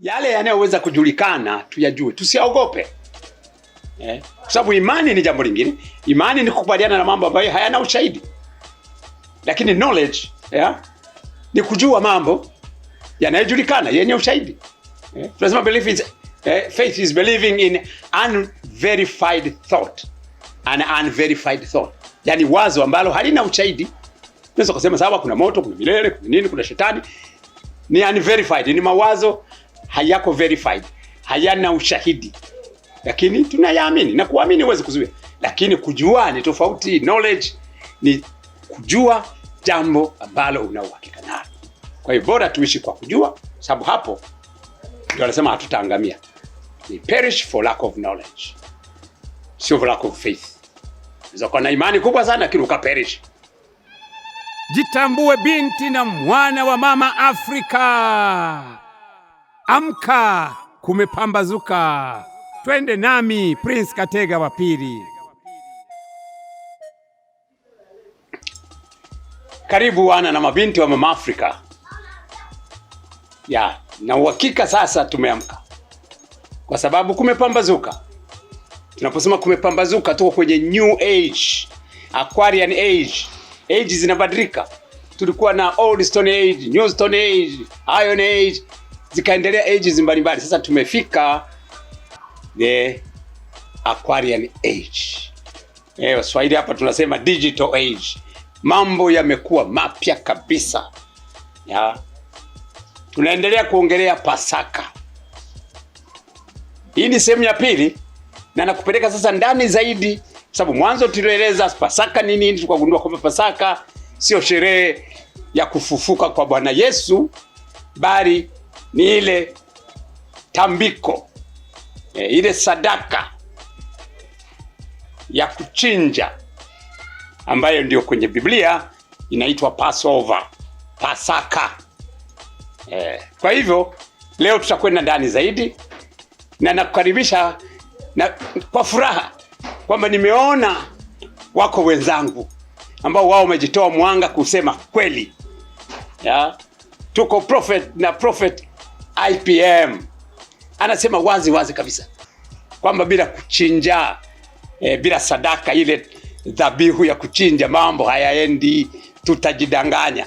yale yanayoweza kujulikana tuyajue, tusiaogope eh, kwa sababu imani ni jambo lingine. Imani ni kukubaliana na mambo ambayo hayana ushahidi, lakini knowledge yeah, ni kujua mambo yanayojulikana yenye ushahidi eh. Tunasema belief is eh, faith is believing in unverified thought, an unverified thought, yani wazo ambalo halina ushahidi. Unaweza kusema sawa, kuna moto, kuna milele, kuna nini, kuna shetani, ni unverified, ni mawazo hayako verified, hayana ushahidi, lakini tunayaamini na kuamini huwezi kuzuia, lakini kujua ni tofauti. Knowledge ni kujua jambo ambalo una uhakika nalo. Kwa hiyo bora tuishi kwa kujua, sababu hapo ndio anasema hatutaangamia. Ni perish for lack of knowledge, sio for lack of faith. Unaweza kuwa na imani kubwa sana lakini ukaperish. Jitambue binti na mwana wa mama Afrika. Amka, kumepambazuka. Twende nami Prince Katega wa pili. Karibu wana na mabinti wa Mama Afrika ya na uhakika, sasa tumeamka kwa sababu kumepambazuka. Tunaposema kumepambazuka, tuko kwenye new age, aquarian age. Age zinabadilika. Tulikuwa na old stone age, new stone age, iron age zikaendelea ages mbalimbali. Sasa tumefika the aquarian age. Eh, Waswahili hapa tunasema digital age. Mambo yamekuwa mapya kabisa ya. Tunaendelea kuongelea Pasaka. Hii ni sehemu ya pili na nakupeleka sasa ndani zaidi, sababu mwanzo tulieleza Pasaka nini nini, tukagundua kwamba Pasaka sio sherehe ya kufufuka kwa Bwana Yesu bali ni ile tambiko e, ile sadaka ya kuchinja ambayo ndio kwenye Biblia inaitwa Passover, Pasaka e. Kwa hivyo leo tutakwenda ndani zaidi, na nakukaribisha na, kwa furaha kwamba nimeona wako wenzangu ambao wao wamejitoa mwanga kusema kweli ya, tuko prophet na prophet IPM anasema wazi wazi kabisa kwamba bila kuchinja e, bila sadaka ile dhabihu ya kuchinja mambo hayaendi, tutajidanganya.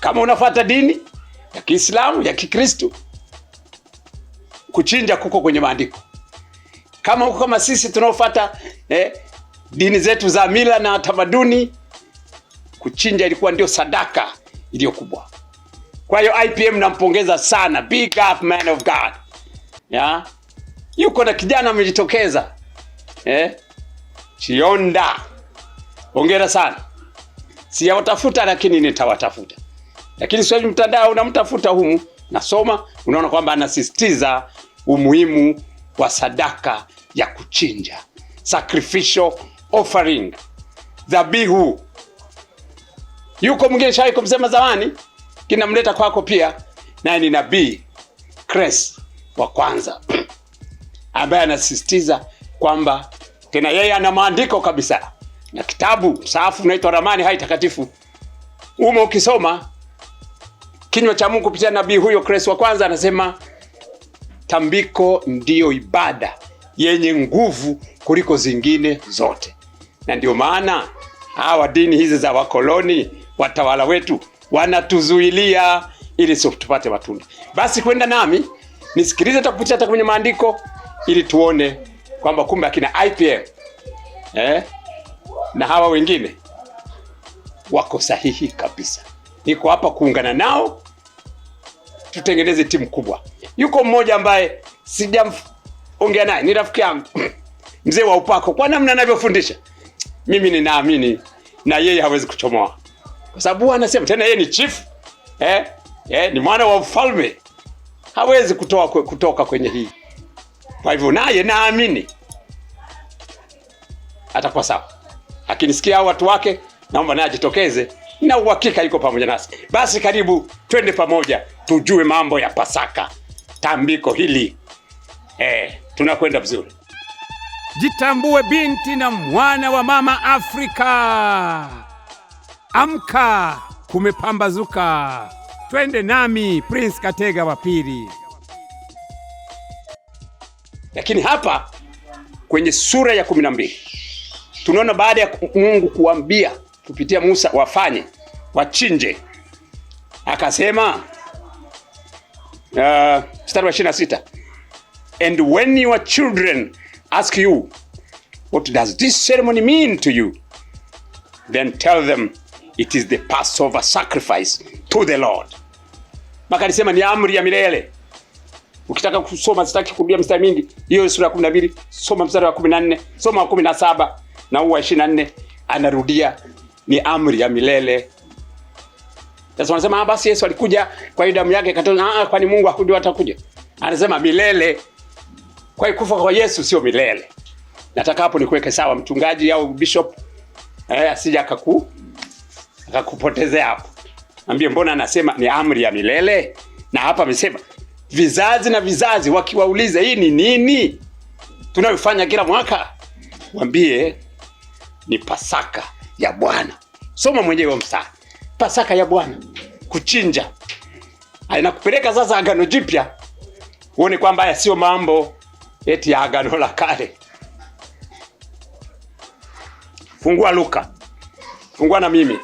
Kama unafata dini ya Kiislamu ya Kikristo, kuchinja kuko kwenye maandiko. Kama huko kama sisi tunaofata e, eh, dini zetu za mila na tamaduni, kuchinja ilikuwa ndio sadaka iliyo kubwa. Kwa hiyo IPM nampongeza sana, big up man of God ya Yuko na kijana amejitokeza eh? Chionda, hongera sana. Siyawatafuta lakini nitawatafuta, lakini sio mtandao unamtafuta humu. Nasoma unaona kwamba anasisitiza umuhimu wa sadaka ya kuchinja, sacrificial offering, dhabihu. Yuko mgeni shawai kumsema zamani kinamleta kwako pia, naye ni nabii Cres wa kwanza ambaye anasisitiza kwamba tena yeye ana maandiko kabisa na kitabu msaafu unaitwa Ramani hai takatifu. Umo ukisoma kinywa cha Mungu kupitia nabii huyo Cres wa kwanza, anasema tambiko ndiyo ibada yenye nguvu kuliko zingine zote, na ndio maana hawa dini hizi za wakoloni watawala wetu wanatuzuilia ili tupate matunda. Basi kwenda nami nisikilize, tutakupitia hata kwenye maandiko ili tuone kwamba kumbe akina IPM eh, na hawa wengine wako sahihi kabisa. Niko hapa kuungana nao tutengeneze timu kubwa. Yuko mmoja ambaye sijaongea naye, ni rafiki yangu mzee wa upako, kwa namna anavyofundisha mimi ninaamini na yeye hawezi kuchomoa kwa sababu anasema tena yeye ni chief eh, eh, ni mwana wa mfalme, hawezi kutoa kutoka kwenye hii. Kwa hivyo naye naamini atakuwa sawa, akinisikia hao watu wake, naomba naye ajitokeze na uhakika yuko pamoja nasi. Basi karibu twende pamoja tujue mambo ya Pasaka, tambiko hili eh, tunakwenda vizuri. Jitambue binti na mwana wa mama Afrika. Amka, kumepambazuka. Twende nami Prince Katega wa pili. Lakini hapa kwenye sura ya kumi na mbili tunaona baada ya Mungu kuambia kupitia Musa wafanye wachinje, akasema uh, 26 and when your children ask you what does this ceremony mean to you then tell them It is the Passover sacrifice to the Lord. Maka alisema ni amri ya milele. Ukitaka kusoma, sitaki kurudia mstari mingi, hiyo sura ya 12, soma mstari wa 14, soma wa 17 na huu wa 24, anarudia ni amri ya milele. Sasa wanasema ah, basi Yesu alikuja kwa damu yake katona. Ah, ah, kwani Mungu hakujua atakuja? Anasema milele. Kwa hiyo kufa kwa Yesu sio milele. Nataka hapo nikuweke sawa mchungaji au bishop, eh, asija akaku akakupotezea hapo. Ambie mbona anasema ni amri ya milele, na hapa amesema vizazi na vizazi, wakiwauliza hii ni nini tunayofanya kila mwaka, wambie ni Pasaka ya Bwana. Soma mwenyewe msaa Pasaka ya Bwana kuchinja. ainakupeleka sasa Agano Jipya, uone kwamba haya sio mambo eti ya Agano la Kale. Fungua Luka, fungua na mimi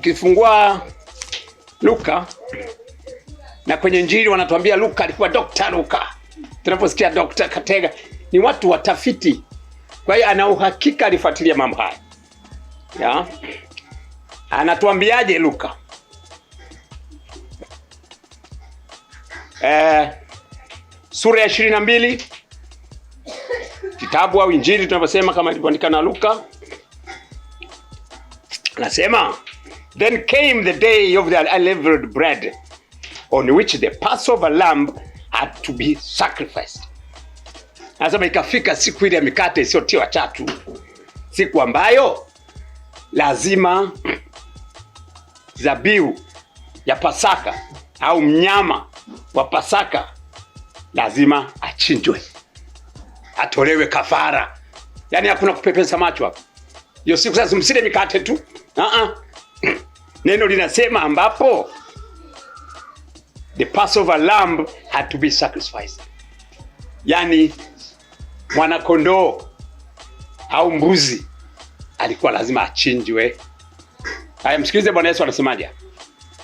Ukifungua Luka na kwenye Injili wanatuambia Luka alikuwa Dr. Luka. Tunaposikia Dr. Katega ni watu watafiti, kwa hiyo ana uhakika alifuatilia mambo haya ya. Anatuambiaje Luka? Eh, sura ya 22 kitabu au Injili tunaposema kama ilivyoandika na Luka, anasema Then came the day of the unleavened bread, on which the Passover lamb had to be sacrificed. Nasema ikafika siku ile ya mikate isiyotiwa chachu, siku ambayo lazima zabiu ya Pasaka au mnyama wa Pasaka lazima achinjwe, atolewe kafara. Yaani hakuna kupepesa macho hapo. Hiyo siku sasa, msile mikate tu. Uh -uh. Neno linasema ambapo the Passover lamb had to be sacrificed, yani mwanakondoo au mbuzi alikuwa lazima achinjwe. Haya, msikilize Bwana Yesu anasemaje.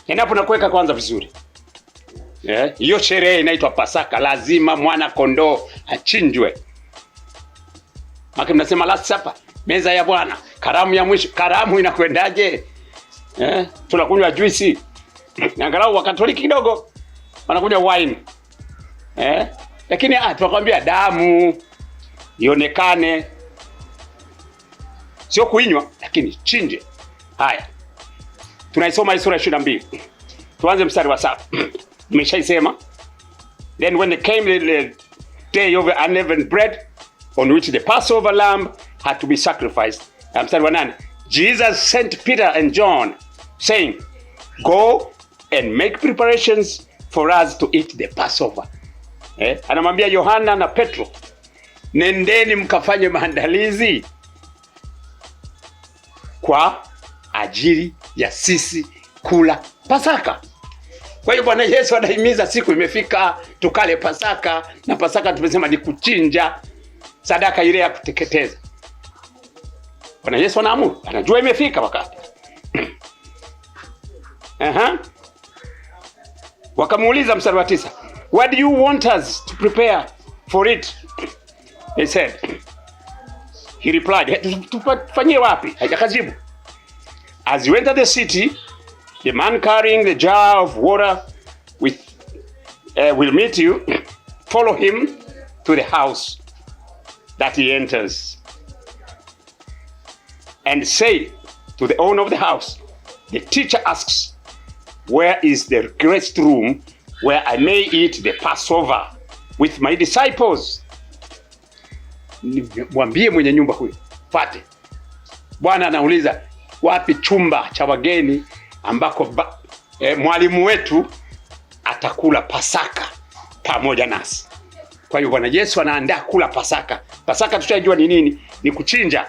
Endapo nakuweka kwanza vizuri eh, hiyo, yeah, sherehe inaitwa Pasaka, lazima mwana kondoo achinjwe. Maki mnasema last supper, meza ya Bwana, karamu ya mwisho. Karamu inakwendaje? eh, tunakunywa juisi angalau wa Katoliki kidogo wanakunywa wine eh, lakini ah, tunakwambia damu ionekane, sio kuinywa, lakini chinje. Haya, tunaisoma hii sura ya 22 tuanze mstari wa saba. Nimeshaisema. Then when they came the day of unleavened bread on which the Passover lamb had to be sacrificed. Mstari wa nane. Jesus sent Peter and John saying, go and make preparations for us to eat the Passover. Eh? Anamwambia Yohana na Petro, nendeni mkafanye maandalizi kwa ajili ya sisi kula Pasaka. Kwa hiyo Bwana Yesu anahimiza, siku imefika tukale Pasaka, na Pasaka tumesema ni kuchinja sadaka ile ya kuteketeza. Bwana Yesu anaamuru, anajua imefika wakati Aha. Wakamuuliza mstari wa tisa, what do you want us to prepare for it? he said, he replied, tufanyie wapi? Hajajibu. As you enter the city, the man carrying the jar of water with uh, will meet you. Follow him to the house that he enters and say to the owner of the house, the teacher asks where is the great room where I may eat the Passover with my disciples. Mwambie mwenye nyumba huyo, fate. Bwana anauliza wapi chumba cha wageni ambako e, mwalimu wetu atakula Pasaka pamoja nasi. Kwa hiyo Bwana Yesu anaandaa kula Pasaka. Pasaka tushajua ni nini? Ni kuchinja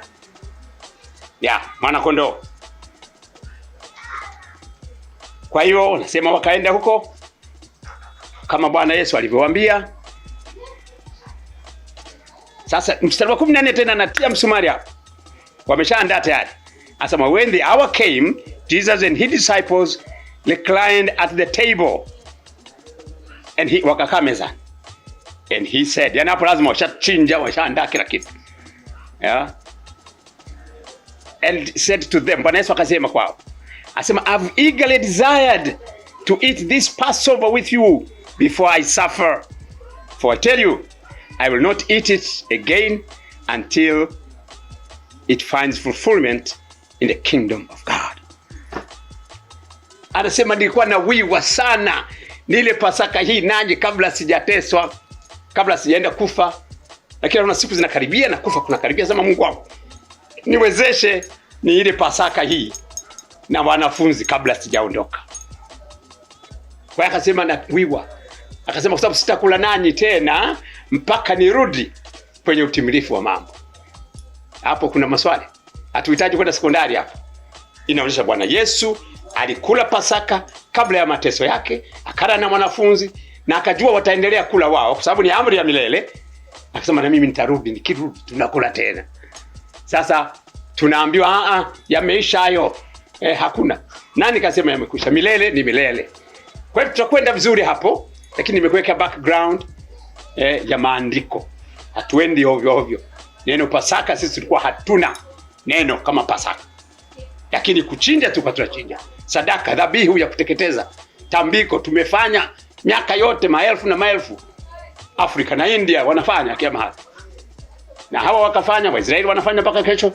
ya mwana kondoo. Kwa hiyo unasema wakaenda huko kama Bwana Yesu alivyowaambia. Sasa mstari wa 14 tena natia msumari hapo. Wameshaandaa tayari. Asema when the hour came Jesus and his disciples reclined at the table and he wakakaa meza. and he said, yani hapo lazima washachinja washaandaa kila kitu. Yeah. And said to them, Bwana Yesu akasema kwao asema I've eagerly desired to eat this Passover with you before I suffer for I tell you I will not eat it again until it finds fulfillment in the kingdom of God. Anasema nilikuwa na wiwa sana nile Pasaka hii nanyi, kabla sijateswa, kabla sijaenda kufa, lakini naona siku zinakaribia na kufa kunakaribia, Sema Mungu wangu, niwezeshe ni ile Pasaka hii na wanafunzi kabla sijaondoka. Kwa hiyo akasema nawiwa, akasema kwa sababu sitakula nanyi tena mpaka nirudi kwenye utimilifu wa mambo. Hapo kuna maswali, hatuhitaji kwenda sekondari. Hapo inaonyesha Bwana Yesu alikula Pasaka kabla ya mateso yake, akala na wanafunzi na akajua wataendelea kula wao, kwa sababu ni amri ya milele. Akasema na mimi nitarudi, nikirudi tunakula tena. Sasa tunaambiwa a, ah, ah, yameisha hayo eh, hakuna nani kasema yamekwisha. Milele ni milele. Kwa hiyo tutakwenda vizuri hapo, lakini nimekuweka background eh, ya maandiko. Hatuendi ovyo ovyo. Neno Pasaka sisi tulikuwa hatuna neno kama Pasaka, lakini kuchinja tuka tunachinja sadaka, dhabihu ya kuteketeza, tambiko tumefanya miaka yote, maelfu na maelfu. Afrika na India wanafanya kila mahali, na hawa wakafanya, Waisraeli wanafanya mpaka kesho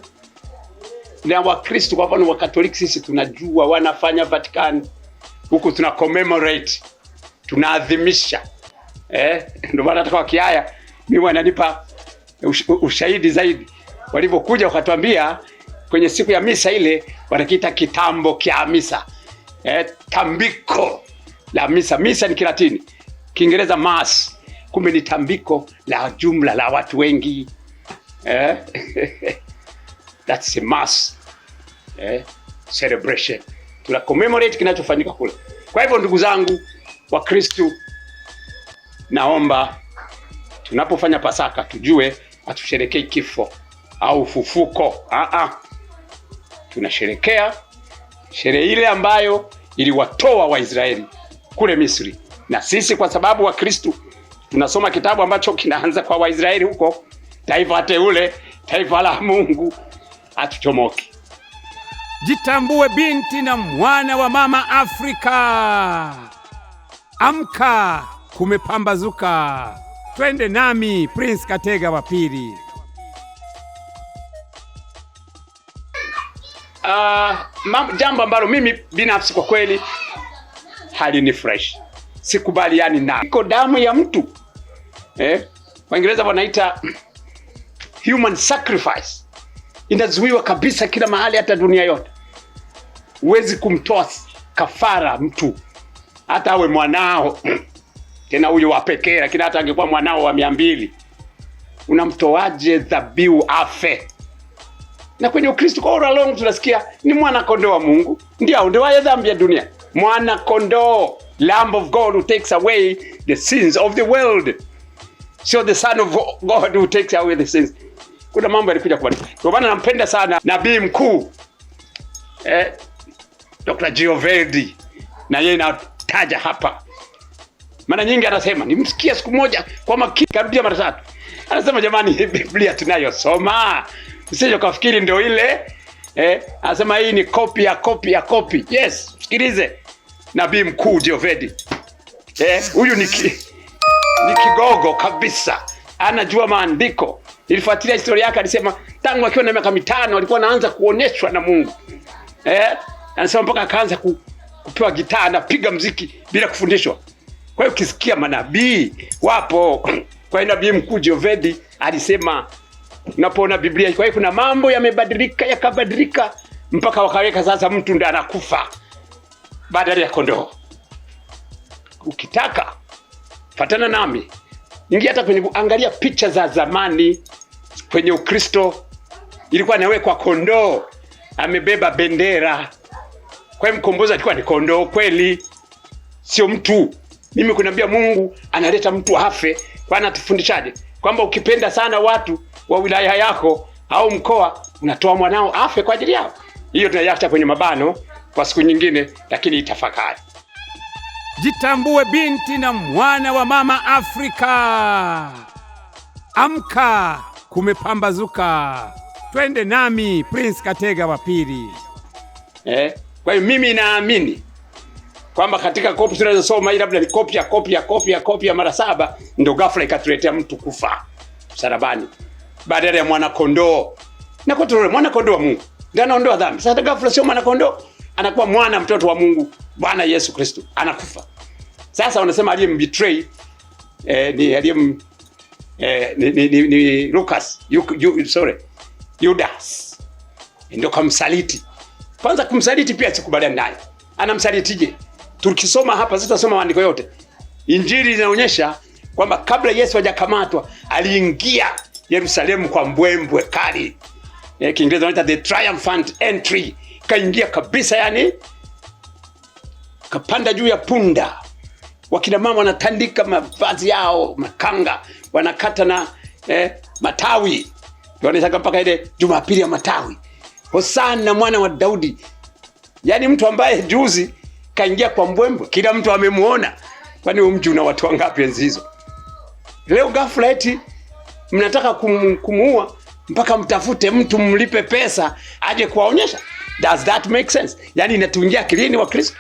na Wakristo kwa mfano Wakatoliki sisi tunajua wanafanya Vatican huku, tuna commemorate tunaadhimisha, eh, ndio maana hata kwa mimi wananipa ush, ushahidi zaidi walivyokuja wakatwambia kwenye siku ya misa ile wanakiita kitambo kya misa eh, tambiko la misa. Misa ni Kilatini, Kiingereza mass, kumbe ni tambiko la jumla la watu wengi eh? That's a mass eh, celebration. Tuna commemorate kinachofanyika kule. Kwa hivyo ndugu zangu wa Kristo, naomba tunapofanya Pasaka tujue hatusherekei kifo au fufuko. Ah ah, tunasherekea sherehe ile ambayo iliwatoa Waisraeli kule Misri, na sisi kwa sababu wa Kristo tunasoma kitabu ambacho kinaanza kwa Waisraeli huko, taifa teule, taifa la Mungu hatuchomoki. Jitambue binti na mwana wa mama Afrika, amka, kumepambazuka. Twende nami Prince Katega wa pili. Uh, jambo ambalo mimi binafsi kwa kweli fresh, sikubaliani na iko damu ya mtu eh, Waingereza wanaita human sacrifice inazuiwa kabisa kila mahali, hata dunia yote. Huwezi kumtoa kafara mtu hata awe mwanao tena huyo wa pekee, lakini hata angekuwa mwanao wa mia mbili unamtoaje dhabihu afe? Na kwenye Ukristo kwa all along tunasikia ni mwana kondoo wa Mungu ndio aondoaye dhambi ya dunia, mwana kondoo, lamb of God who takes away the sins of the world, sio the son of God who takes away the sins kuna mambo yalikuja kubadilika. Ndio maana nampenda sana nabii mkuu eh, Dr. Gioverdi na yeye nataja hapa mara nyingi, anasema nimsikia siku moja kwa makini, karudia mara tatu, anasema jamani, hii Biblia tunayosoma msije kafikiri ndio ile eh, anasema hii ni copy ya copy ya copy. Yes, sikilize nabii mkuu eh, huyu ni, ki, ni kigogo kabisa, anajua maandiko Nilifuatilia historia yake, alisema tangu akiwa na miaka mitano alikuwa anaanza kuoneshwa na Mungu eh, anasema mpaka akaanza ku, kupewa gitaa na piga mziki bila kufundishwa. Kwa hiyo ukisikia manabii wapo. Kwa hiyo nabii mkuu Jovedi alisema unapoona Biblia. Kwa hiyo kuna mambo yamebadilika yakabadilika mpaka wakaweka sasa mtu ndiye anakufa badala ya kondoo. Ukitaka fatana nami, ingia hata kwenye, angalia picha za zamani kwenye Ukristo ilikuwa nawekwa kondoo amebeba bendera. Kwa hiyo mkombozi alikuwa ni kondoo kweli, sio mtu. Mimi kuniambia Mungu analeta mtu afe, kwani atufundishaje? Kwamba ukipenda sana watu wa wilaya yako au mkoa unatoa mwanao afe kwa ajili yao. Hiyo tunaiacha kwenye mabano kwa siku nyingine, lakini itafakari. Jitambue binti na mwana wa mama Afrika, amka kumepambazuka. Twende nami Prince Katega wa pili. Eh, kwa hiyo mimi naamini kwamba katika kopi tunazosoma hii labda ni kopi kopi ya ya kopi ya kopi ya mara saba, ndio ghafla ikatuletea mtu kufa msalabani badala ya mwana kondoo. Na kwa tuone mwana kondoo wa Mungu ndio anaondoa dhambi. Sasa ghafla sio mwana kondoo, anakuwa mwana mtoto wa Mungu, Bwana Yesu Kristo anakufa. Sasa wanasema aliyembetray eh, ni aliyem eh, ni, ni, ni, ni Lucas yu, yu, sorry Judas ndio kamsaliti. Kwanza kumsaliti pia sikubaliani naye, anamsalitije? Tukisoma hapa sasa, soma maandiko yote, Injili inaonyesha kwamba kabla Yesu hajakamatwa aliingia Yerusalemu kwa mbwembwe kali, eh, Kiingereza wanaita the triumphant entry. Kaingia kabisa, yani kapanda juu ya punda wakina mama wanatandika mavazi yao makanga, wanakata na eh, matawi wanataka mpaka ile Jumapili ya matawi, Hosana mwana wa Daudi. Yaani mtu ambaye juzi kaingia kwa mbwembwe, kila mtu amemwona Kwani mji una watu wangapi enzi hizo? Leo ghafla eti mnataka kum, kumuua mpaka mtafute mtu mlipe pesa aje kuwaonyesha. Does that make sense? Yaani inatuingia akilini wa Kristo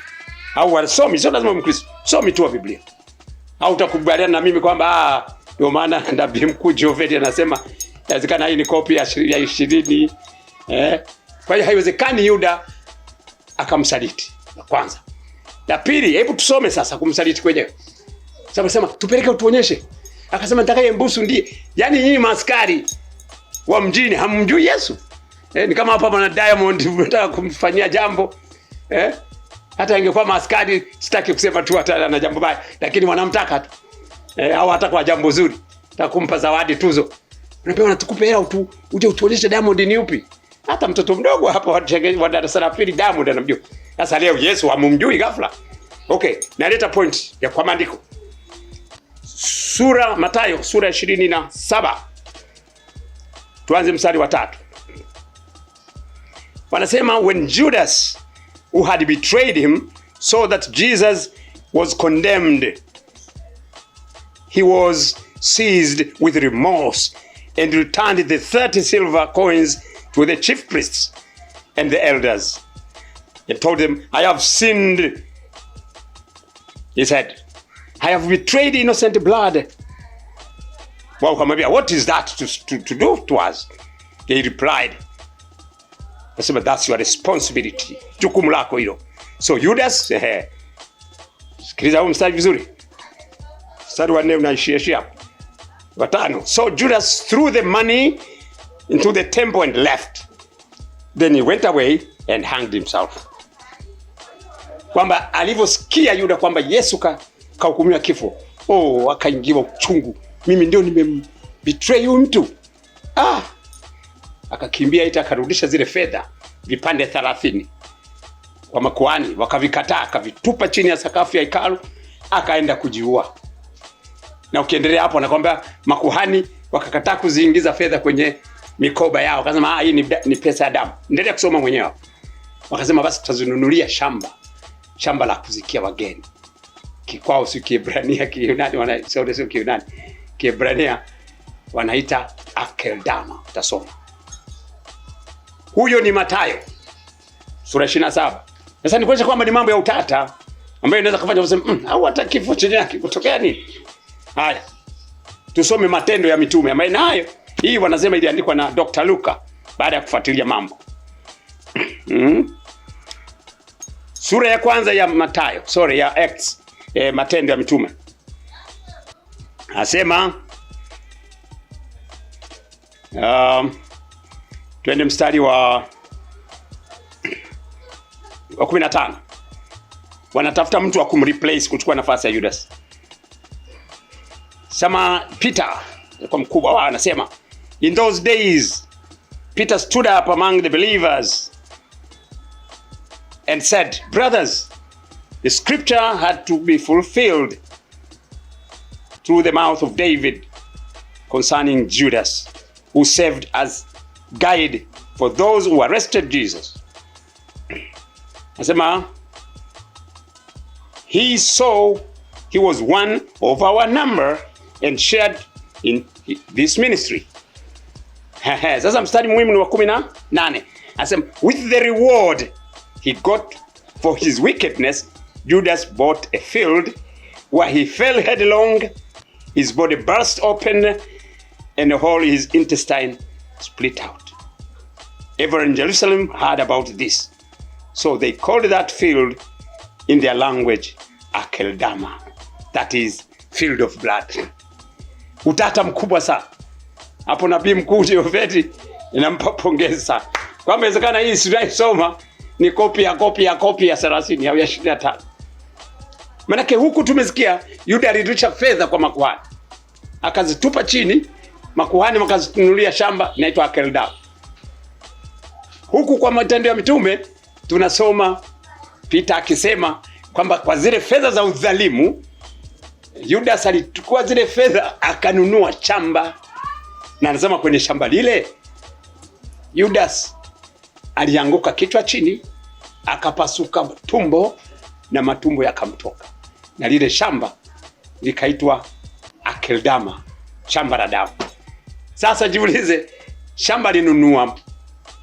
au wasomi, sio lazima Mkristo somi tu wa Biblia, au utakubaliana na mimi kwamba ah, ndio maana nabii mkuu Jovedi anasema inawezekana hii ni kopi ya ishirini eh? Kwa hiyo haiwezekani Yuda akamsaliti. La kwanza. La pili, hebu tusome sasa kumsaliti kwenyewe. Sasa nasema tupeleke utuonyeshe. Akasema nitakaye mbusu ndiye. Yaani nyinyi maskari wa mjini hamjui Yesu. Eh, ni kama hapa bwana Diamond mnataka kumfanyia jambo. Eh? Hata ingekuwa maskari, sitaki kusema tu hata na jambo baya, lakini wanamtaka tu e, au hata kwa jambo zuri takumpa zawadi tuzo, unapewa natukupe hela tu, uje utuonyeshe Diamond ni upi. Hata mtoto mdogo hapa wa darasa la pili Diamond anamjua. Sasa leo Yesu amumjui ghafla. Okay, naleta point ya kwa maandiko sura matayo sura ya ishirini na saba tuanze mstari wa tatu. Wanasema when Judas who had betrayed him so that Jesus was condemned. He was seized with remorse and returned the 30 silver coins to the chief priests and the elders and told them, I have sinned. He said, I have betrayed innocent blood. Well, what is that to, to, to do to us? They replied, Nasema that's your responsibility, jukumu lako hilo. So Judas, eh, sikiliza huu mstari vizuri, mstari wa nne unaishia watano. So Judas threw the money into the temple and left, then he went away and hanged himself. Kwamba alivyosikia Yuda kwamba Yesu kahukumiwa ka kifo, oh, akaingiwa uchungu, mimi ndio nimembetray huyu mtu ah akakimbia ita akarudisha zile fedha vipande 30 kwa makuani wakavikataa akavitupa chini ya sakafu ya hekalu, akaenda kujiua. Na ukiendelea hapo, nakwambia makuhani wakakataa kuziingiza fedha kwenye mikoba yao, wakasema ah, hii ni, ni pesa ya damu. Endelea kusoma mwenyewe. Wakasema basi tutazinunulia shamba, shamba la kuzikia wageni. Kikwao si Kiebrania, kiunani wana sio kiunani Kiebrania wanaita Akeldama. Utasoma huyo ni Mathayo sura 27. Sasa ni kuonyesha kwamba ni mambo ya utata ambayo inaweza kufanya useme mmm, au hata kifo chenye kutokea nini. Haya. Tusome Matendo ya Mitume ambayo nayo hii wanasema iliandikwa na Dr. Luka baada ya kufuatilia mambo. Mm. Sura ya kwanza ya Mathayo, sorry ya Acts, eh, Matendo ya Mitume. Anasema um, Twende mstari wa wa 15. Wanatafuta mtu wa kumreplace kuchukua nafasi ya Judas. Sema Peter kwa mkubwa wao anasema, in those days Peter stood up among the believers and said, brothers, the scripture had to be fulfilled through the mouth of David concerning Judas who served as guide for those who arrested Jesus. Asema, he saw he was one of our number and shared in this ministry. Sasa mstari muhimu ni wa kumi na nane. Asema with the reward he got for his wickedness Judas bought a field where he fell headlong, his body burst open, and all his intestine split out. Hebron in Jerusalem heard about this. So they called that field in their language Akeldama, that is field of blood. Utata mkubwa sana hapo. Nabii mkuu Jehofeti inampa pongezi sana kwamba inawezekana hii sinaisoma ni kopi ya kopi ya kopi ya 30 au ya 25. Manake huku tumesikia Yuda alirudisha fedha kwa makuhani akazitupa chini, makuhani wakazinunulia shamba inaitwa Akeldama. Huku kwa Matendo ya Mitume tunasoma Pita akisema kwamba kwa zile fedha za udhalimu Yudas alichukua zile fedha akanunua shamba, na anasema kwenye shamba lile Yudas alianguka kichwa chini, akapasuka tumbo na matumbo yakamtoka, na lile shamba likaitwa Akeldama, shamba la damu. Sasa jiulize, shamba linunua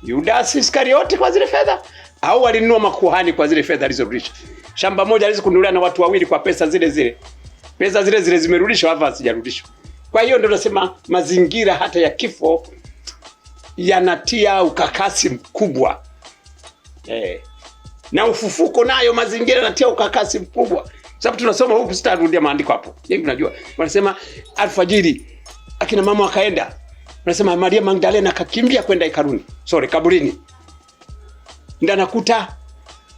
Yudasi Iskarioti kwa zile fedha au walinua makuhani kwa zile fedha alizorudisha. Shamba moja alizokununulia na watu wawili kwa pesa zile zile. Pesa zile zile zimerudishwa hapa hazijarudishwa. Kwa hiyo ndio nasema mazingira hata ya kifo yanatia ukakasi mkubwa. Eh. Na ufufuko nayo mazingira yanatia ukakasi mkubwa. Sababu tunasoma huku, sitarudia maandiko hapo. Yeye yaani tunajua. Wanasema alfajiri akina mama wakaenda Unasema Maria Magdalena akakimbia kwenda ikaruni. Sorry, kaburini. Ndio anakuta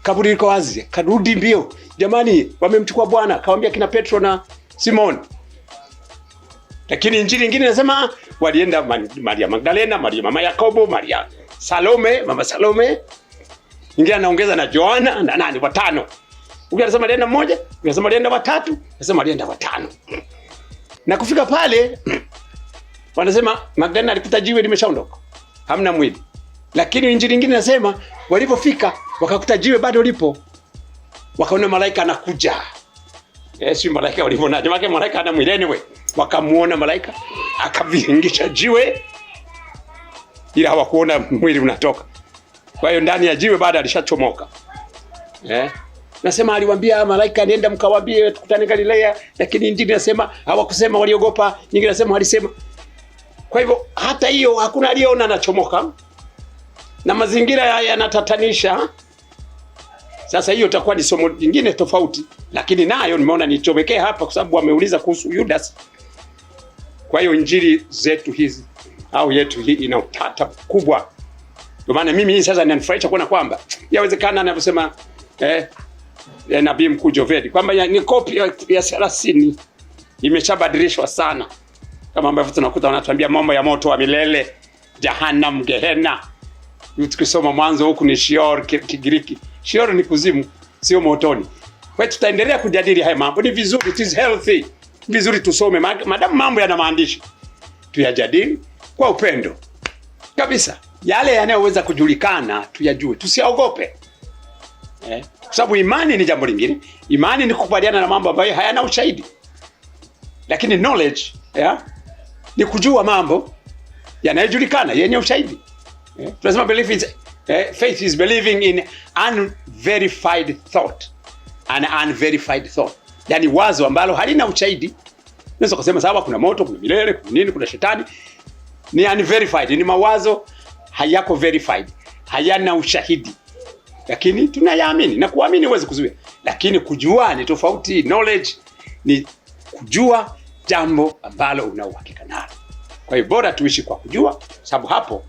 kaburi liko wazi, karudi mbio. Jamani, wamemchukua Bwana, kawaambia kina Petro na Simon. Lakini injili nyingine inasema walienda Maria Magdalena, Maria mama Yakobo, Maria Salome, mama Salome. Ingine anaongeza na Joana na nani watano. Ukija anasema alienda mmoja, unasema alienda watatu, unasema alienda watano. Na kufika pale wanasema Magdalena alikuta jiwe limeshaondoka, hamna mwili. Lakini injili nyingine inasema walipofika wakakuta jiwe bado lipo, wakaona malaika anakuja. Yesu eh, malaika walimwona, jamaa malaika ana mwili anyway. Wakamuona malaika akaviringisha jiwe, ila hawakuona mwili unatoka. Kwa hiyo ndani ya jiwe bado alishachomoka eh? Nasema aliwaambia malaika, nenda mkawaambie tukutane Galilea, lakini injili nasema hawakusema, waliogopa. Nyingine nasema walisema kwa hivyo hata hiyo hakuna aliyeona anachomoka na mazingira yanatatanisha. Sasa hiyo itakuwa ni somo lingine tofauti, lakini nayo nimeona nichomekee hapa kwa sababu wameuliza kuhusu Yudas. Kwa hiyo injili zetu hizi au yetu hii ina utata mkubwa, ndio maana mimi hii sasa ninafurahisha kuona kwamba yawezekana anavyosema eh, eh, nabii mkuu Jovedi kwamba ni kopi ya 30 imeshabadilishwa sana kama ambavyo tunakuta wanatuambia mambo ya moto wa milele, Jahannam, Gehenna. Tukisoma Mwanzo huku ni shior Kigiriki. shior ni kuzimu, sio motoni. Kwa hiyo tutaendelea kujadili haya mambo, ni vizuri, it is healthy, vizuri tusome, madamu mambo yana maandishi, tuyajadili kwa upendo kabisa. Yale yanayoweza kujulikana tuyajue, tusiaogope eh, kwa sababu imani ni jambo lingine. Imani ni kukubaliana na mambo ambayo hayana ushahidi, lakini knowledge yeah, ni kujua mambo yanayojulikana yenye ushahidi eh? Tunasema belief is eh, faith is believing in unverified thought, an unverified thought, yani wazo ambalo halina ushahidi. Unaweza kusema sawa, kuna moto, kuna milele, kuna nini, kuna shetani. Ni unverified, ni mawazo hayako verified, hayana ushahidi, lakini tunayaamini na kuamini huwezi kuzuia, lakini kujua ni tofauti. Knowledge ni kujua jambo ambalo una uhakika nalo. Kwa hiyo bora tuishi kwa kujua, sababu hapo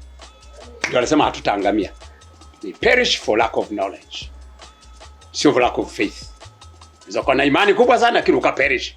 ndio anasema hatutaangamia. We perish for lack of knowledge, sio for lack of faith. Unaweza kuwa na imani kubwa sana lakini ukaperish.